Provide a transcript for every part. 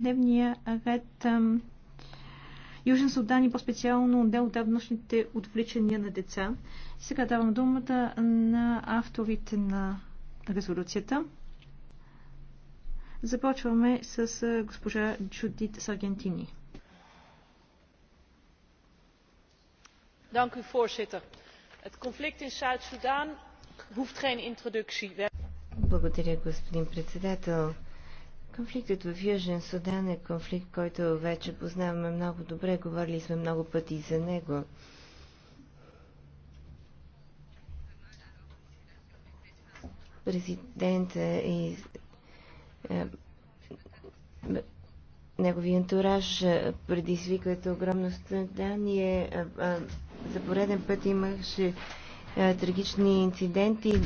дневния ред Южен Судан и по-специално отдел от неодавнашните отвличания на деца. Сега давам думата на авторите на резолюцията. Започваме с госпожа Джудит Саргентини. Dank u, voorzitter. Het conflict in Zuid-Soedan hoeft geen introductie. Благодаря, господин председател. Конфликтът в Южен Судан е конфликт, който вече познаваме много добре, говорили сме много пъти за него. Президента и е, неговия антураж е, предизвикват огромно страдание. Е, е, за пореден път имаше трагични инциденти.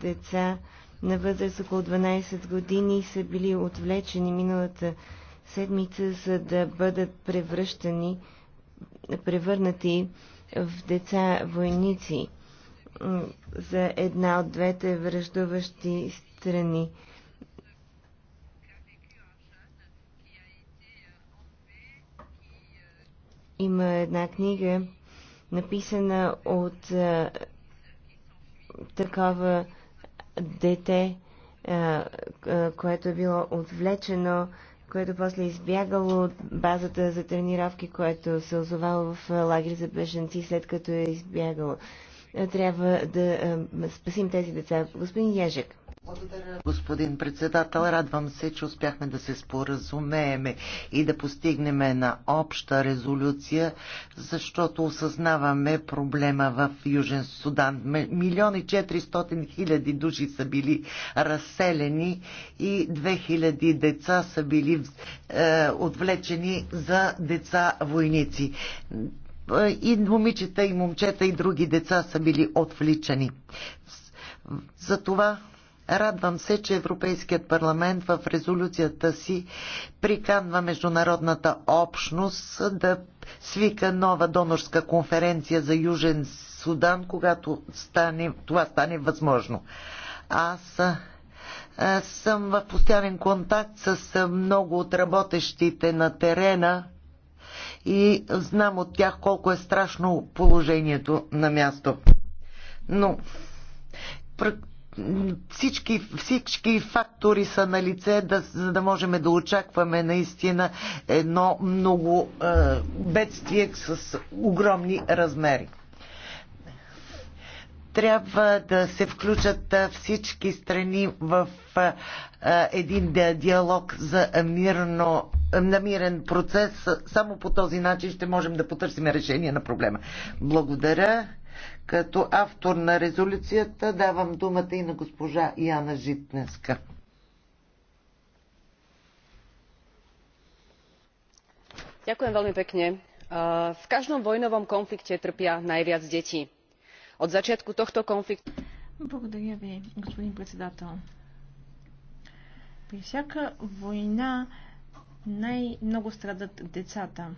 Деца на възраст около 12 години са били отвлечени миналата седмица, за да бъдат превръщани, превърнати в деца войници за една от двете връждуващи страни. Има една книга, написана от а, такова дете, е, е, което е било отвлечено, което после е избягало от базата за тренировки, което се озовало в е, лагер за бежанци, след като е избягало. Трябва да спасим тези деца. Господин Ежек. Благодаря, господин председател. Радвам се, че успяхме да се споразумееме и да постигнем една обща резолюция, защото осъзнаваме проблема в Южен Судан. Милиони 400 хиляди души са били разселени и 2000 деца са били е, отвлечени за деца войници и момичета, и момчета, и други деца са били отвличани. За това. Радвам се, че Европейският парламент в резолюцията си приканва международната общност да свика нова донорска конференция за Южен Судан, когато стане, това стане възможно. Аз съм в постоянен контакт с много от работещите на терена и знам от тях колко е страшно положението на място. Но всички, всички фактори са на лице, да, за да можем да очакваме наистина едно много е, бедствие с огромни размери. Трябва да се включат е, всички страни в е, е един диалог за мирно, намирен процес. Само по този начин ще можем да потърсим решение на проблема. Благодаря като автор на резолюцията давам думата и на госпожа Яна Житненска. Ďakujem veľmi pekne. V každom vojnovom konflikte trpia najviac detí. Od začiatku tohto konfliktu... Благодаря ви, господин председател. При всяка война най-много страдат децата.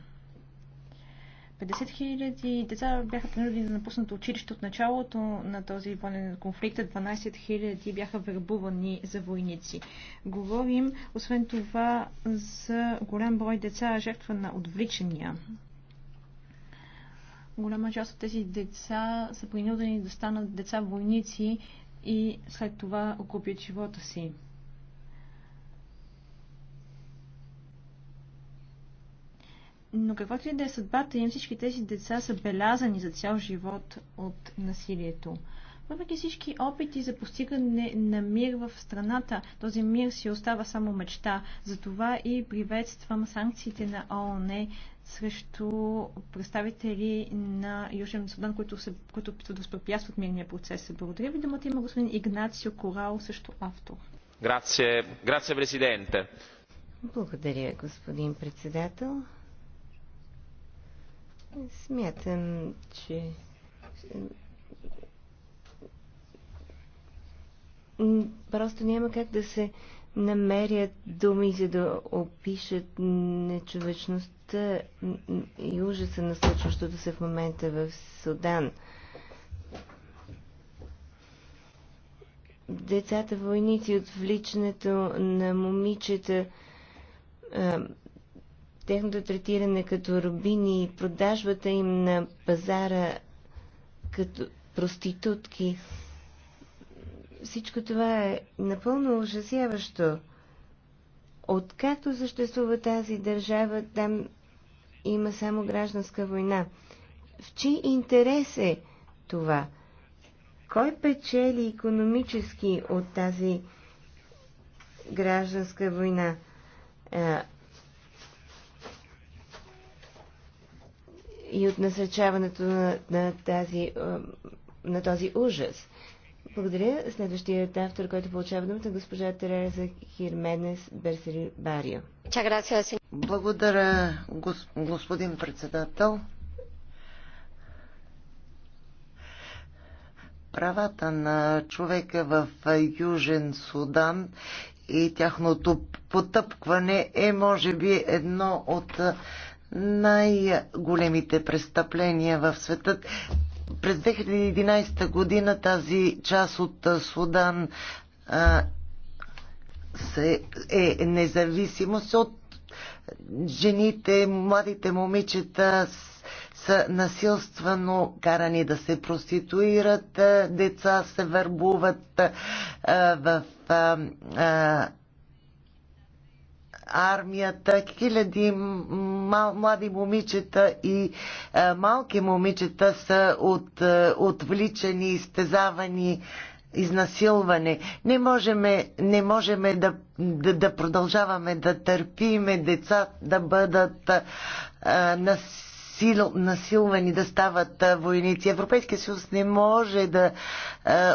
50 000 деца бяха принудени да напуснат училище от началото на този военен конфликт, 12 000 бяха вербувани за войници. Говорим, освен това, за голям брой деца, жертва на отвличания. Голяма част от тези деца са принудени да станат деца войници и след това окупят живота си. Но каквото и да е съдбата им, всички тези деца са белязани за цял живот от насилието. Въпреки всички опити за постигане на мир в страната, този мир си остава само мечта. Затова и приветствам санкциите на ООН срещу представители на Южен Судан, които, се, които мирния процес. Благодаря ви, думата има господин Игнацио Корал, също автор. Грация, грация президенте. Благодаря, господин председател. Смятам, че просто няма как да се намерят думи, за да опишат нечовечността и ужаса на случващото се в момента в Судан. Децата войници, отвличането на момичета, Техното третиране като рубини и продажбата им на пазара като проститутки. Всичко това е напълно ужасяващо. Откакто съществува тази държава, там има само гражданска война. В чий интерес е това? Кой печели економически от тази гражданска война? Е, и от насърчаването на, на, тази, е, на този ужас. Благодаря. Следващият автор, който получава думата, е госпожа Тереза Хирменес Берсери Барио. Благодаря, господин председател. Правата на човека в Южен Судан и тяхното потъпкване е, може би, едно от най-големите престъпления в света. През 2011 година тази част от Судан а, се, е независимост от жените, младите момичета са насилствено карани да се проституират, деца се върбуват в армията, хиляди млади момичета и е, малки момичета са от, е, отвличани, изтезавани, изнасилване. Не можем, не можем да, да, да продължаваме да търпиме деца да бъдат а, е, нас, сил, насилвани да стават войници. Европейския съюз не може да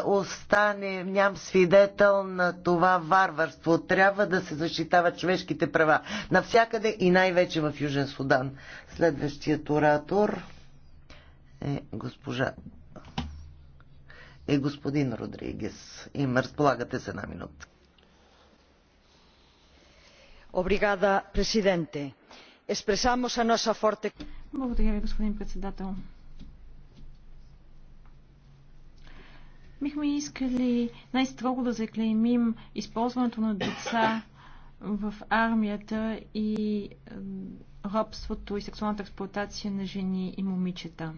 остане ням свидетел на това варварство. Трябва да се защитават човешките права навсякъде и най-вече в Южен Судан. Следващият оратор е госпожа е господин Родригес. Им разполагате се една минута. Обригада, президенте expresamos a nosa forte. Благодаря ви, господин председател. Бихме искали най-строго да заклеймим използването на деца в армията и робството и сексуалната експлуатация на жени и момичета.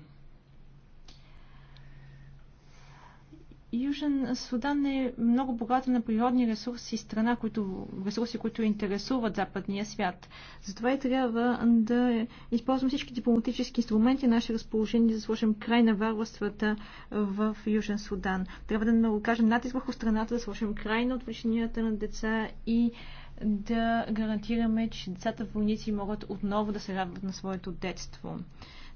Южен Судан е много богата на природни ресурси, страна, които, ресурси, които интересуват западния свят. Затова и трябва да използвам всички дипломатически инструменти на наше разположение, да сложим край на варварствата в Южен Судан. Трябва да наложим натиск върху страната, да сложим край на отвлеченията на деца и да гарантираме, че децата войници могат отново да се радват на своето детство.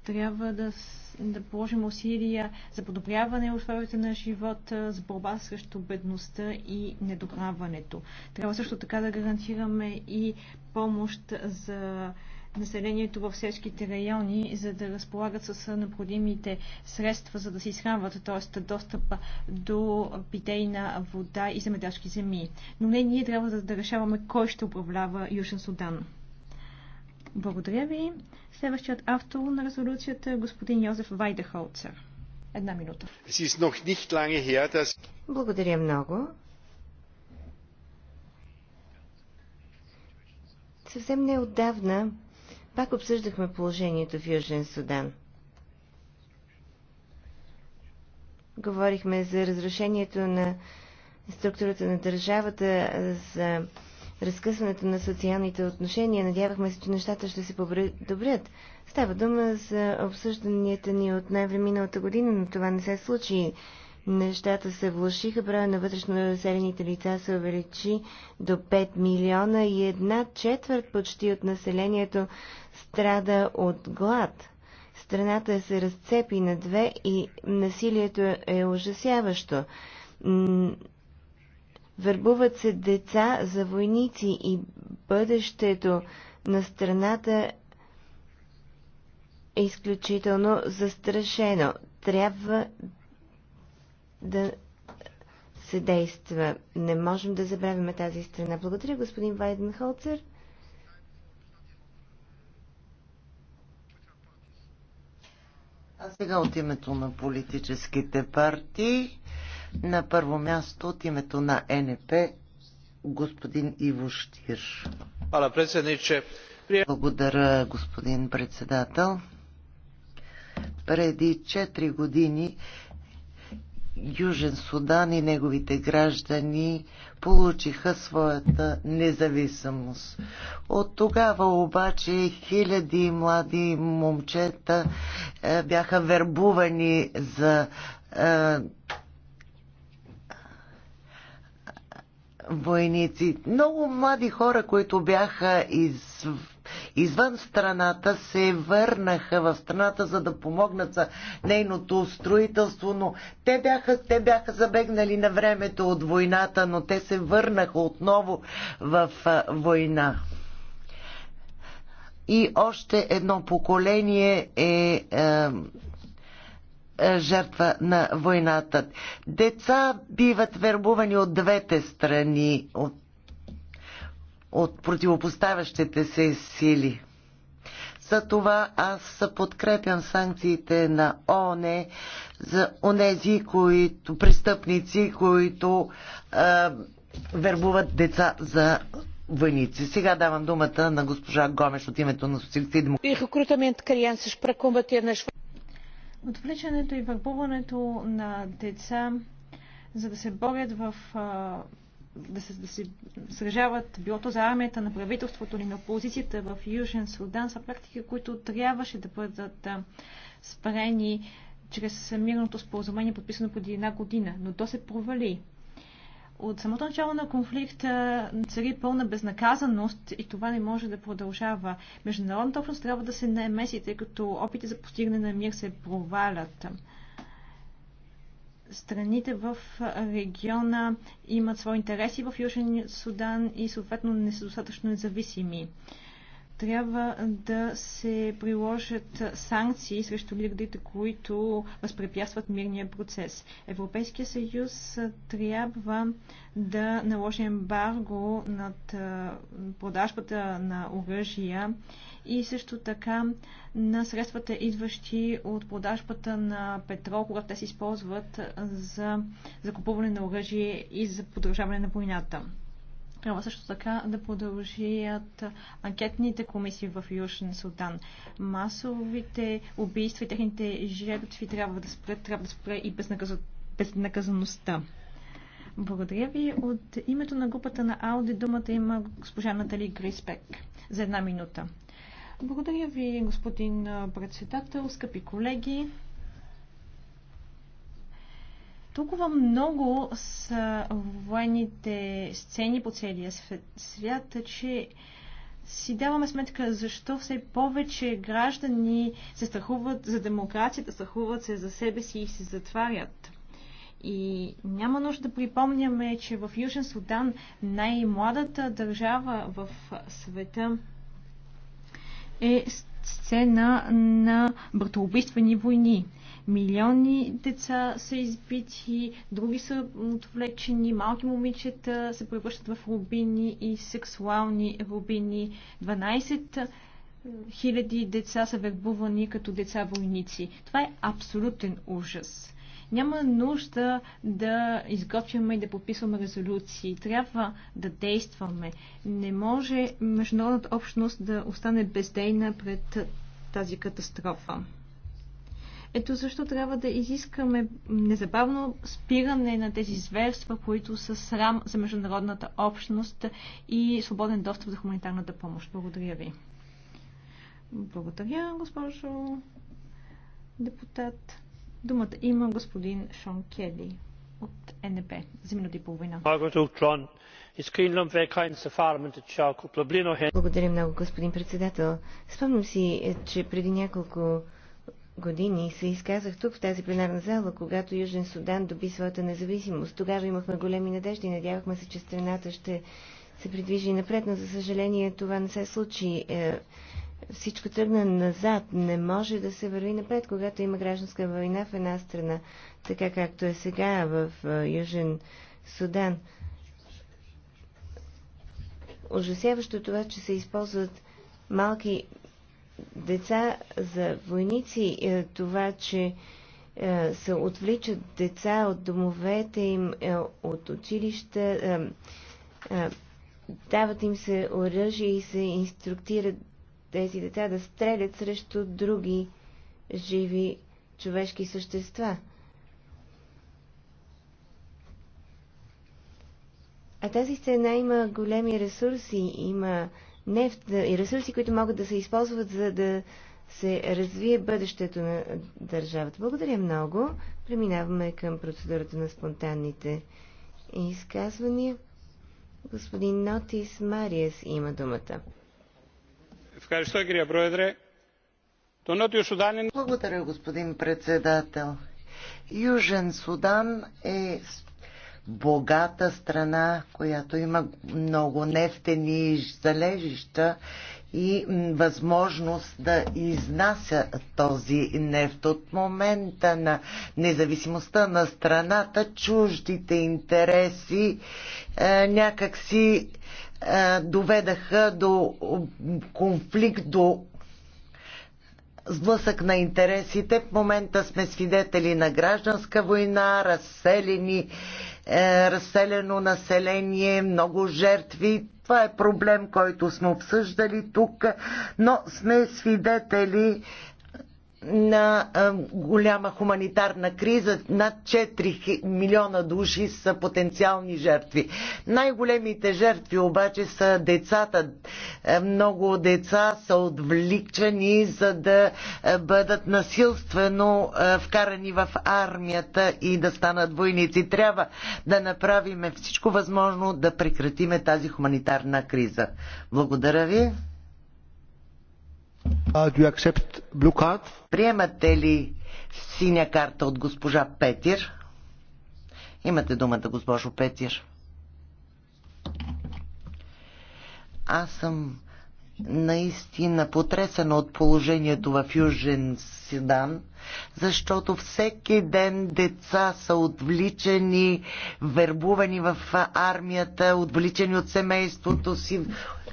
Трябва да, да положим усилия за подобряване условията на живота, за борба срещу бедността и недограването. Трябва също така да гарантираме и помощ за населението в селските райони, за да разполагат с необходимите средства, за да се изхранват, т.е. достъп до питейна вода и земеделски земи. Но не ние трябва да, да решаваме кой ще управлява Южен Судан. Благодаря ви. Следващият автор на резолюцията е господин Йозеф Вайдехолцер. Една минута. Благодаря много. Съвсем неотдавна пак обсъждахме положението в Южен Судан. Говорихме за разрушението на структурата на държавата, за разкъсването на социалните отношения. Надявахме се, че нещата ще се подобрят. Става дума за обсъжданията ни от ноември миналата година, но това не се случи. Нещата се влушиха, броя на вътрешно населените лица се увеличи до 5 милиона и една четвърт почти от населението страда от глад. Страната се разцепи на две и насилието е ужасяващо Върбуват се деца за войници и бъдещето на страната е изключително застрашено. Трябва да се действа. Не можем да забравяме тази страна. Благодаря, господин Вайденхолцер. А сега от името на политическите партии на първо място от името на НП господин Иво Штир. Благодаря, господин председател. Преди 4 години Южен Судан и неговите граждани получиха своята независимост. От тогава обаче хиляди млади момчета е, бяха вербувани за е, войници. Много млади хора, които бяха из, извън страната, се върнаха в страната, за да помогнат за нейното строителство, но те бяха, те бяха забегнали на времето от войната, но те се върнаха отново в война. И още едно поколение е, е е, жертва на войната. Деца биват вербувани от двете страни, от, от противопоставящите се сили. За това аз подкрепям санкциите на ОНЕ за онези, които, престъпници, които е, вербуват деца за войници. Сега давам думата на госпожа Гомеш от името на социалистите и демократи отвличането и върбуването на деца, за да се борят в да се, да се сражават било то за армията, на правителството или на опозицията в Южен Судан са практики, които трябваше да бъдат спрени чрез мирното споразумение, подписано преди една година, но то се провали. От самото начало на конфликта цари пълна безнаказаност и това не може да продължава. Международната общност трябва да се намеси, тъй като опити за постигане на мир се провалят. Страните в региона имат свои интереси в Южен Судан и съответно не са достатъчно независими трябва да се приложат санкции срещу лидерите, които възпрепятстват мирния процес. Европейския съюз трябва да наложи ембарго над продажбата на оръжия и също така на средствата, идващи от продажбата на петрол, когато те се използват за закупуване на оръжие и за продължаване на войната. Трябва също така да продължият анкетните комисии в Южен Судан. Масовите убийства и техните жертви трябва да спре, трябва да спре и безнаказаността. Благодаря ви. От името на групата на Ауди думата има госпожа Натали Гриспек за една минута. Благодаря ви, господин председател, скъпи колеги. Толкова много са военните сцени по целия свят, че си даваме сметка защо все повече граждани се страхуват за демокрацията, страхуват се за себе си и се затварят. И няма нужда да припомняме, че в Южен Судан най-младата държава в света е сцена на братоубийствени войни. Милиони деца са избити, други са отвлечени, малки момичета се превръщат в рубини и сексуални рубини. 12 хиляди деца са вербувани като деца-войници. Това е абсолютен ужас. Няма нужда да изготвяме и да подписваме резолюции. Трябва да действаме. Не може международната общност да остане бездейна пред тази катастрофа. Ето защо трябва да изискаме незабавно спиране на тези зверства, които са срам за международната общност и свободен достъп за хуманитарната помощ. Благодаря ви. Благодаря, госпожо депутат. Думата има господин Шон Кели от НП за минути и половина. Благодаря много, господин председател. Спомням си, че преди няколко години се изказах тук в тази пленарна зала, когато Южен Судан доби своята независимост. Тогава имахме големи надежди и надявахме се, че страната ще се придвижи напред, но за съжаление това не се случи. Е, всичко тръгна назад. Не може да се върви напред, когато има гражданска война в една страна, така както е сега в е, Южен Судан. Ужасяващо е това, че се използват малки деца за войници, е, това, че е, се отвличат деца от домовете им, е, от училища, дават им се оръжие и се инструктират тези деца да стрелят срещу други живи човешки същества. А тази сцена има големи ресурси, има нефта и ресурси, които могат да се използват, за да се развие бъдещето на държавата. Благодаря много. Преминаваме към процедурата на спонтанните изказвания. Господин Нотис Мариес има думата. Благодаря, господин председател. Южен Судан е богата страна, която има много нефтени залежища и възможност да изнася този нефт. От момента на независимостта на страната, чуждите интереси е, някакси е, доведаха до конфликт, до сблъсък на интересите. В момента сме свидетели на гражданска война, разселени е, разселено население, много жертви. Това е проблем, който сме обсъждали тук, но сме свидетели на голяма хуманитарна криза. Над 4 милиона души са потенциални жертви. Най-големите жертви обаче са децата. Е, много деца са отвличани, за да е, бъдат насилствено е, вкарани в армията и да станат войници. Трябва да направим всичко възможно да прекратиме тази хуманитарна криза. Благодаря ви. Uh, Приемате ли синя карта от госпожа Петир? Имате думата, госпожо Петир. Аз съм наистина потресена от положението в Южен Седан, защото всеки ден деца са отвличани, вербувани в армията, отвличани от семейството си,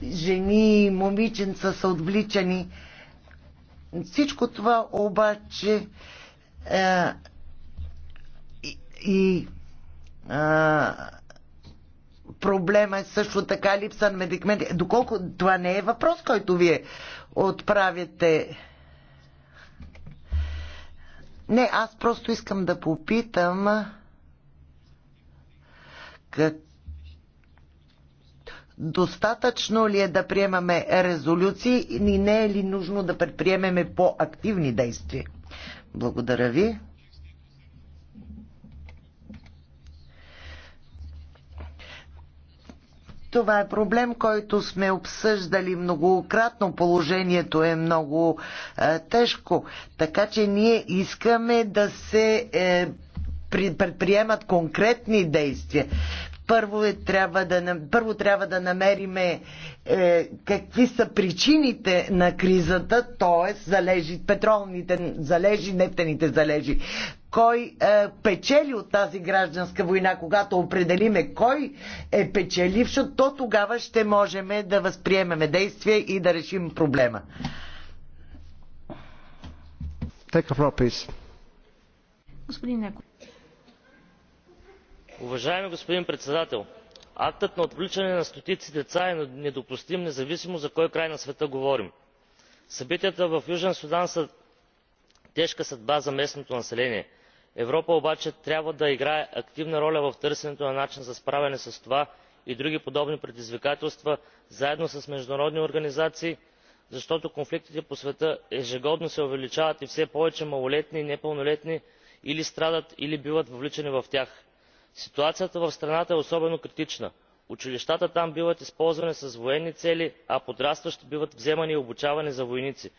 жени момиченца са отвличани. Всичко това обаче е, и, и проблема е също така липса на медикаменти. Доколко това не е въпрос, който вие отправяте. Не, аз просто искам да попитам как достатъчно ли е да приемаме резолюции и не е ли нужно да предприемеме по-активни действия? Благодаря ви. Това е проблем, който сме обсъждали многократно. Положението е много е, тежко. Така че ние искаме да се е, предприемат конкретни действия. Първо, е, трябва, да, първо трябва да намерим е, какви са причините на кризата, т.е. залежи, петролните залежи, нефтените залежи. Кой е, печели от тази гражданска война, когато определиме кой е печелив, то тогава ще можем да възприемеме действия и да решим проблема. Take a Господин Неков уважаеми господин председател актът на отвличане на стотици деца е недопустим независимо за кой край на света говорим. събитията в южен судан са тежка съдба за местното население. европа обаче трябва да играе активна роля в търсенето на начин за справяне с това и други подобни предизвикателства заедно с международни организации защото конфликтите по света ежегодно се увеличават и все повече малолетни и непълнолетни или страдат или биват въвличани в тях ситуацията в страната е особено критична. училищата там биват използвани с военни цели а подрастващи биват вземани и обучавани за войници.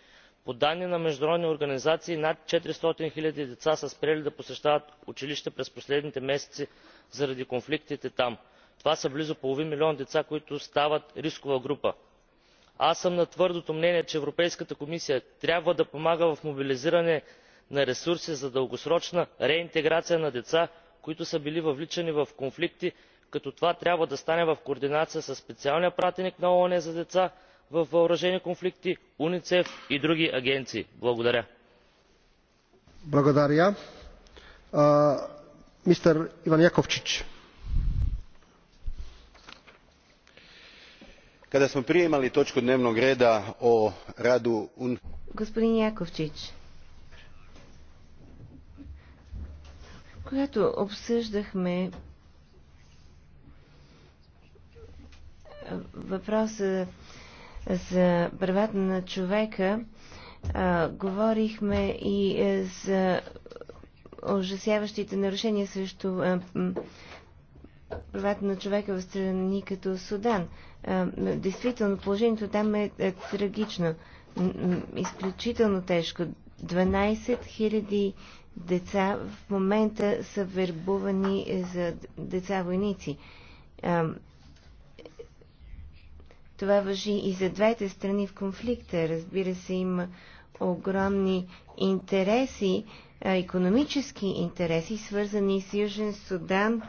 по данни на международни организации над четиристотин хиляди деца са спрели да посещават училище през последните месеци заради конфликтите там. това са близо половин милион деца които стават рискова група. аз съм на твърдото мнение че европейската комисия трябва да помага в мобилизиране на ресурси за дългосрочна реинтеграция на деца които са били въвличани в конфликти като това трябва да стане в координация със специалния пратеник на оон за деца във въоръжени конфликти унисеф и други агенции. благодаря. kada smo dnevnog reda o radu Когато обсъждахме въпроса за правата на човека, а, говорихме и е, за ужасяващите нарушения срещу правата на човека в страни като Судан. А, действително, положението там е, е трагично, изключително тежко. 12 000 деца в момента са вербувани е, за деца войници. Това въжи и за двете страни в конфликта. Разбира се, има огромни интереси, економически интереси, свързани с Южен Судан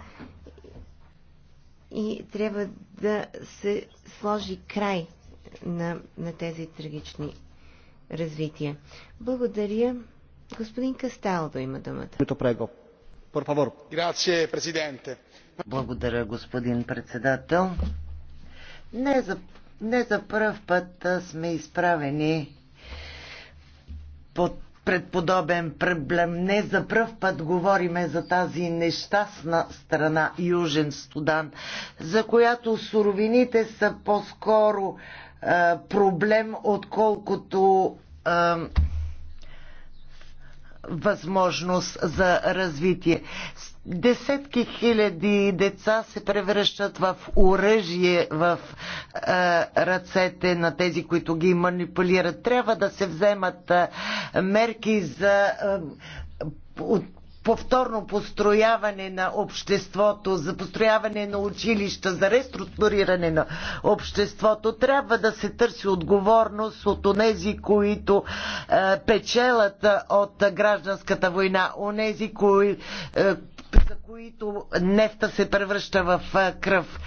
и трябва да се сложи край на, на тези трагични развития. Благодаря. Господин Касталдо има думата. Благодаря, господин председател. Не за, не за път сме изправени под предподобен проблем. Не за първ път говориме за тази нещастна страна Южен Студан, за която суровините са по-скоро е, проблем, отколкото е, възможност за развитие. Десетки хиляди деца се превръщат в оръжие в е, ръцете на тези, които ги манипулират. Трябва да се вземат е, мерки за. Е, от повторно построяване на обществото, за построяване на училища, за реструктуриране на обществото. Трябва да се търси отговорност от онези, които е, печелят е, от гражданската война, онези, кои, е, за които нефта се превръща в кръв.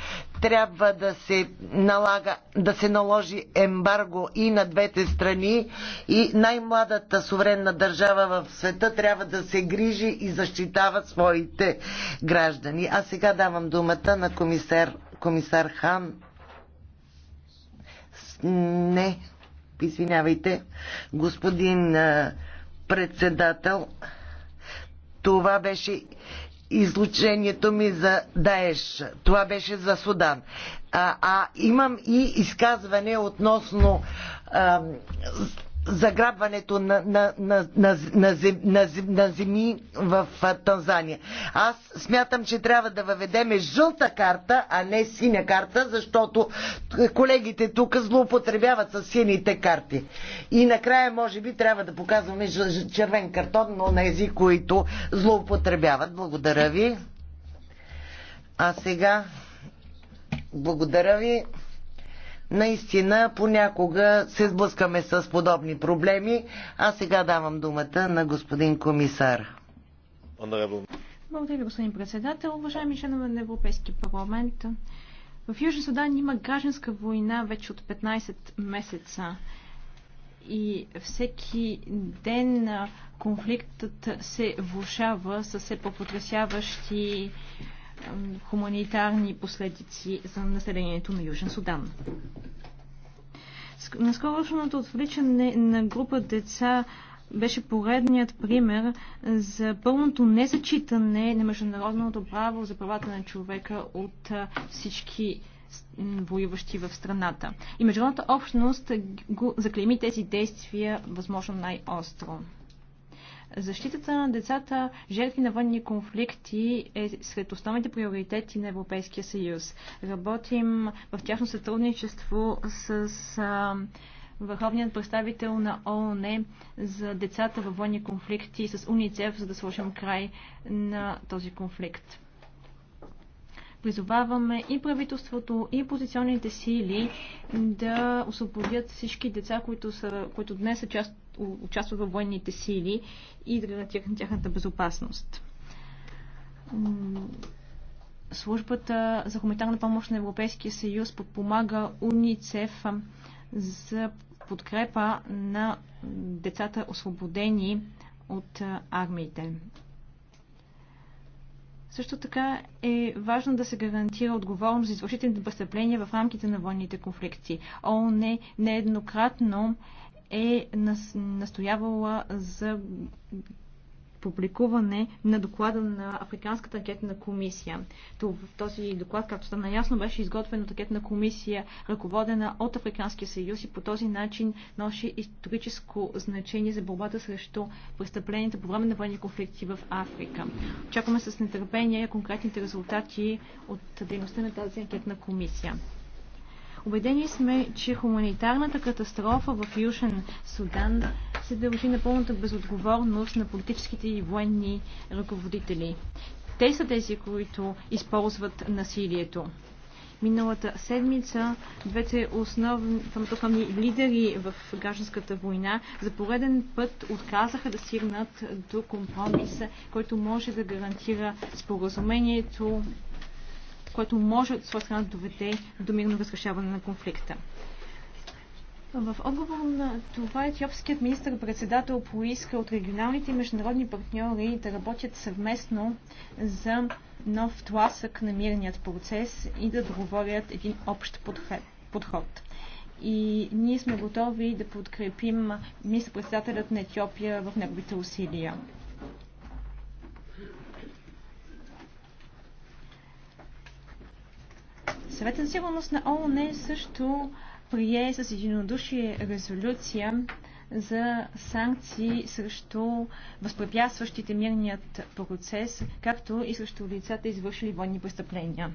Трябва да се, налага, да се наложи ембарго и на двете страни и най-младата суверенна държава в света трябва да се грижи и защитава своите граждани. А сега давам думата на комисар, комисар Хан. Не, извинявайте, господин председател. Това беше излучението ми за Даеш. Това беше за Судан. А, а имам и изказване относно а, заграбването на, на, на, на, на, зем, на, зем, на земи в Танзания. Аз смятам, че трябва да въведеме жълта карта, а не синя карта, защото колегите тук злоупотребяват с сините карти. И накрая, може би, трябва да показваме червен картон, но на ези, които злоупотребяват. Благодаря ви. А сега, благодаря ви. Наистина понякога се сблъскаме с подобни проблеми, а сега давам думата на господин комисар. Благодаря ви, господин председател. Уважаеми членове на Европейски парламент, в Южен Судан има гражданска война вече от 15 месеца и всеки ден конфликтът се влушава с все по-потрясяващи хуманитарни последици за населението на Южен Судан. Наскорошното отвличане на група деца беше поредният пример за пълното незачитане на международното право за правата на човека от всички воюващи в страната. И международната общност заклейми тези действия възможно най-остро. Защитата на децата, жертви на военни конфликти е сред основните приоритети на Европейския съюз. Работим в тяхно сътрудничество с а, върховният представител на ООН за децата във военни конфликти с УНИЦЕФ, за да сложим край на този конфликт. Призоваваме и правителството, и позиционните сили да освободят всички деца, които, са, които днес са част участват във военните сили и да гарантират тяхната безопасност. Службата за хуманитарна помощ на Европейския съюз подпомага УНИЦЕФ за подкрепа на децата освободени от армиите. Също така е важно да се гарантира отговорност за извършителните престъпления в рамките на военните конфликти. ООН е нееднократно е е настоявала за публикуване на доклада на Африканската анкетна комисия. Този доклад, както стана ясно, беше изготвен от анкетна комисия, ръководена от Африканския съюз и по този начин носи историческо значение за борбата срещу престъпленията по време на военни конфликти в Африка. Очакваме с нетърпение конкретните резултати от дейността на тази анкетна комисия. Обедени сме, че хуманитарната катастрофа в Южен Судан се дължи на пълната безотговорност на политическите и военни ръководители. Те са тези, които използват насилието. Миналата седмица двете основни лидери в гражданската война за пореден път отказаха да стигнат до компромиса, който може да гарантира споразумението което може от своя страна да доведе до мирно разрешаване на конфликта. В отговор на това етиопският министр-председател поиска от регионалните и международни партньори да работят съвместно за нов тласък на мирният процес и да договорят един общ подход. И ние сме готови да подкрепим министр-председателят на Етиопия в неговите усилия. Съветът за сигурност на ООН също прие с единодушие резолюция за санкции срещу възпрепятстващите мирният процес, както и срещу лицата, извършили военни престъпления.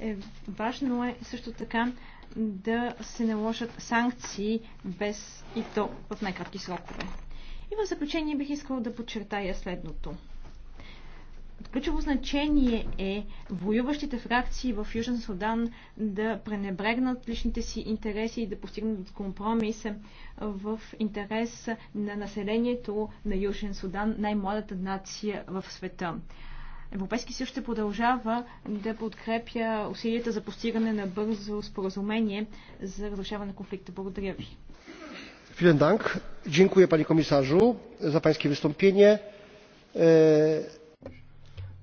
Е, важно е също така да се наложат санкции без и то в най-кратки срокове. И в заключение бих искала да подчертая следното. От ключово значение е воюващите фракции в Южен Судан да пренебрегнат личните си интереси и да постигнат компромис в интерес на населението на Южен Судан, най-младата нация в света. Европейски съюз ще продължава да подкрепя усилията за постигане на бързо споразумение за разрешаване на конфликта. Благодаря ви. Vielen Dank. пани комисажу, за za выступление.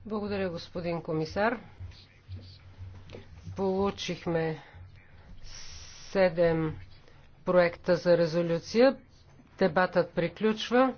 Благодаря, господин комисар. Получихме седем проекта за резолюция. Дебатът приключва.